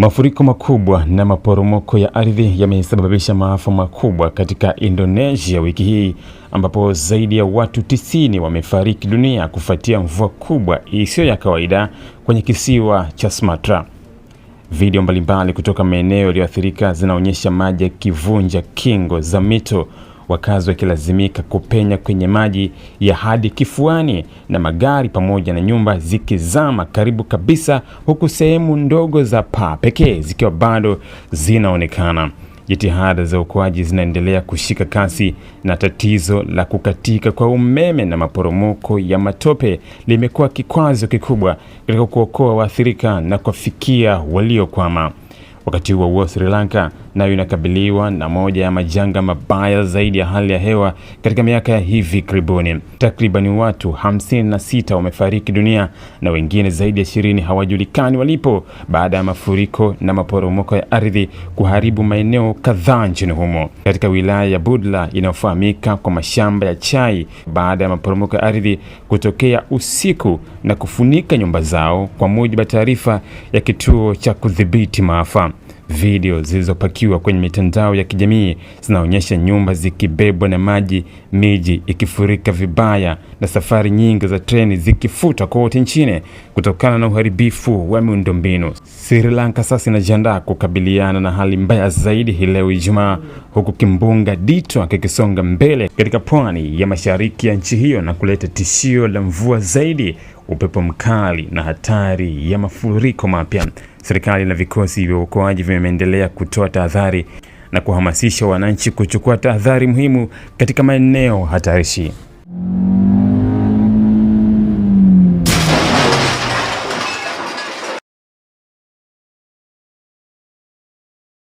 Mafuriko makubwa na maporomoko ya ardhi yamesababisha maafa makubwa katika Indonesia wiki hii ambapo zaidi ya watu 90 wamefariki dunia kufuatia mvua kubwa isiyo ya kawaida kwenye kisiwa cha Sumatra. Video mbalimbali kutoka maeneo yaliyoathirika zinaonyesha maji yakivunja kingo za mito wakazi wakilazimika kupenya kwenye maji ya hadi kifuani na magari pamoja na nyumba zikizama karibu kabisa, huku sehemu ndogo za paa pekee zikiwa bado zinaonekana. Jitihada za uokoaji zinaendelea kushika kasi na tatizo la kukatika kwa umeme na maporomoko ya matope limekuwa kikwazo kikubwa katika kuokoa waathirika na kuwafikia waliokwama. Wakati huo huo, Sri Lanka nayo inakabiliwa na moja ya majanga mabaya zaidi ya hali ya hewa katika miaka ya hivi karibuni. Takribani watu 56 wamefariki dunia na wengine zaidi ya 20 hawajulikani walipo baada ya mafuriko na maporomoko ya ardhi kuharibu maeneo kadhaa nchini humo. Katika wilaya ya Budla inayofahamika kwa mashamba ya chai, baada ya maporomoko ya ardhi kutokea usiku na kufunika nyumba zao, kwa mujibu wa taarifa ya kituo cha kudhibiti maafa. Video zilizopakiwa kwenye mitandao ya kijamii zinaonyesha nyumba zikibebwa na maji, miji ikifurika vibaya, na safari nyingi za treni zikifuta kote nchini kutokana na uharibifu wa miundombinu. Sri Lanka sasa inajiandaa kukabiliana na hali mbaya zaidi hii leo Ijumaa, huku kimbunga ditwa kikisonga mbele katika pwani ya mashariki ya nchi hiyo na kuleta tishio la mvua zaidi upepo mkali na hatari ya mafuriko mapya. Serikali na vikosi vya uokoaji vimeendelea kutoa tahadhari na kuhamasisha wananchi kuchukua tahadhari muhimu katika maeneo hatarishi.